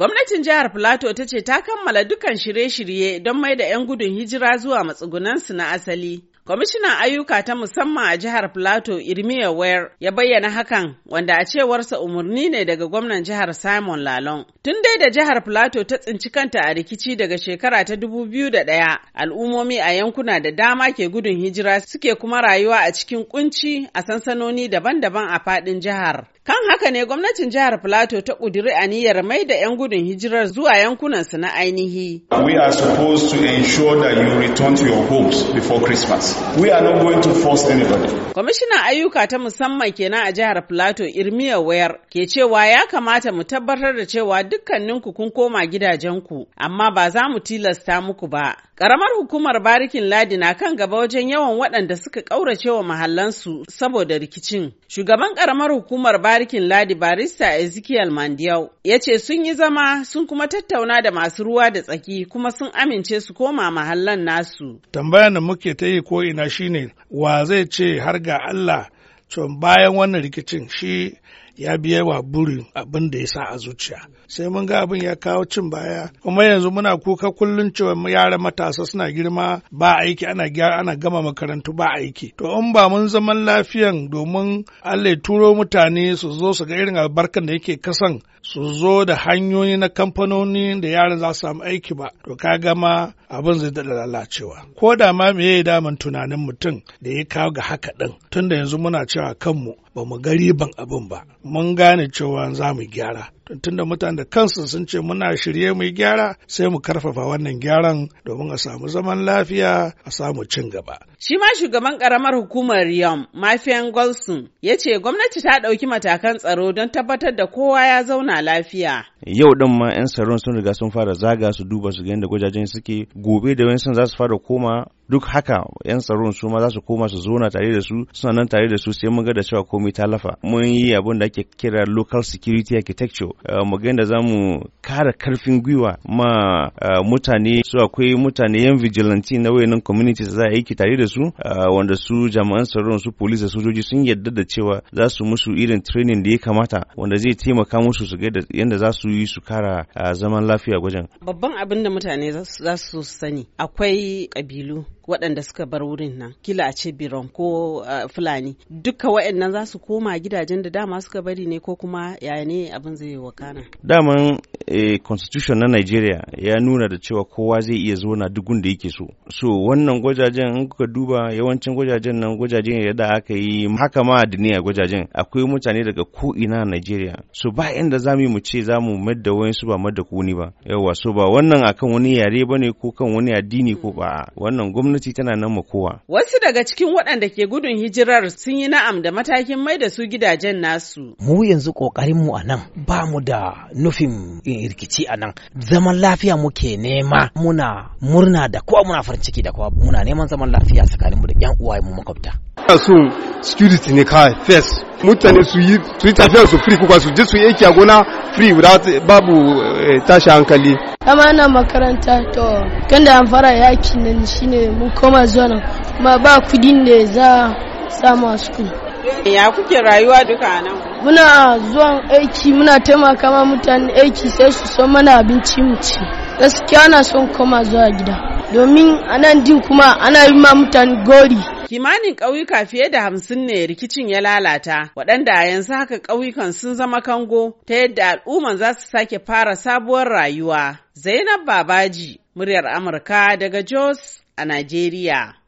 Gwamnatin jihar Filato ta ce ta kammala dukan shirye-shirye don mai da 'yan gudun hijira zuwa matsugunansu na asali. Kwamishinan ayyuka ta musamman a jihar Filato Irmiya Ware ya bayyana hakan wanda a cewarsa umarni ne daga gwamnan jihar Simon Lalon. Tun dai da jihar Filato ta tsinci kanta a rikici daga shekara ta 2001 al'ummomi a yankuna da dama ke gudun hijira suke kuma rayuwa a cikin kunci a sansanoni daban-daban a faɗin jihar. Kan haka ne gwamnatin jihar Filato ta ƙudiri aniyar mai da 'yan gudun hijirar zuwa yankunansu na ainihi. We are supposed to ensure that you return to your homes before Christmas. We are not going to force anybody. Kwamishinan ayyuka ta musamman kenan a jihar Filato Irmiya Wayar ke cewa ya kamata mu tabbatar da cewa dukkaninku kun koma gidajenku, amma ba za mu tilasta muku ba. Ƙaramar hukumar barikin ladi na kan gaba wajen yawan waɗanda suka ƙaurace wa mahallansu saboda rikicin. Shugaban ƙaramar hukumar barikin ladi barista Ezekiel Mandiyau ya ce sun yi zama sun kuma tattauna da masu ruwa da tsaki kuma sun amince su koma mahallan nasu. Tambayan da muke ta yi ko ina shine wa zai ce har ga Allah bayan wannan rikicin shi ya biya wa buri abin da ya sa a zuciya sai mun ga abin ya kawo cin baya kuma yanzu muna kuka kullum cewa yara matasa suna girma ba aiki ana gyara ana gama makarantu ba aiki to in ba mun zaman lafiyan domin Allah turo mutane su zo su ga irin albarkan da yake kasan su zo da hanyoyi na kamfanoni da yara za su samu aiki ba to ka gama abin zai da lalacewa ko da ma me ya yi damun tunanin mutum da ya kawo ga haka din tunda yanzu muna cewa kanmu ba mu gari ban abin ba mun gane cewa za mu gyara tunda mutane da kansu sun ce muna shirye mu yi gyara sai mu karfafa wannan gyaran domin a samu zaman lafiya a samu cin gaba. Shi ma shugaban karamar hukumar Yom Mafian Golson ya ce gwamnati ta ɗauki matakan tsaro don tabbatar da kowa ya zauna lafiya. Yau ɗin ma 'yan tsaron sun riga sun fara zaga su duba su ganin da gwajajen suke gobe da wani za su fara koma duk haka 'yan tsaron su ma za su koma su zona tare da su suna nan tare da su sai mun ga da cewa komai ta lafa mun yi abin da ake kira local security architecture maganin da za mu kara karfin gwiwa ma eh, mutane su akwai mutane yan vigilante na wayannan community za a aiki tare da su eh, wanda su jami'an tsaron su police da sojoji sun yadda da cewa za su musu irin training da ya kamata wanda zai taimaka musu su ga yadda za su yi su kara eh, zaman lafiya gwajin babban abin da mutane za su sani akwai kabilu waɗanda suka bar wurin nan kila a ce biron ko fulani duka waɗannan za su koma gidajen da dama suka bari ne ko kuma yaya ne abin zai wakana daman eh, constitution na Nigeria ya nuna da cewa kowa zai iya zona duk da yake so. So wannan gwajajen in kuka duba yawancin gwajajen nan gwajajen ya aka yi haka ma duniya gwajajen akwai mutane daga ko ina Nigeria. So ba inda za mu ce za mu madda wayansu ba madda kuni ba. Yawa so ba wannan akan wani yare bane ko kan wani addini ko ba wannan gwamnati tana nan ma kowa. Wasu daga cikin waɗanda ke gudun hijirar sun yi na'am da matakin mai da su gidajen nasu. Mu yanzu ƙoƙarinmu a nan ba mu da nufin eh, rikici a nan zaman lafiya muke nema muna murna da kowa muna farin ciki da kowa muna neman zaman lafiya tsakanin mu da yan uwa mu makwabta sun security ne kai first mutane su yi su yi tafiya su free kuma su je su yi a gona free without babu eh, tashi hankali amma na makaranta to kan da an fara yakin nan shine mun koma zuwa nan kuma ba kudin da za samu a school Ya kuke rayuwa duka nan? Muna zuwan aiki muna taimaka ma mutane aiki sai su so mana abinci mu ci. Gaskiya na son koma zuwa gida. Domin nan din kuma ana yi ma mutane gori. kimanin ƙauyuka fiye da hamsin ne rikicin ya lalata waɗanda a yanzu haka ƙauyukan sun zama kango ta yadda al'umman za su sake fara sabuwar rayuwa zainab babaji muryar amurka daga jos a najeriya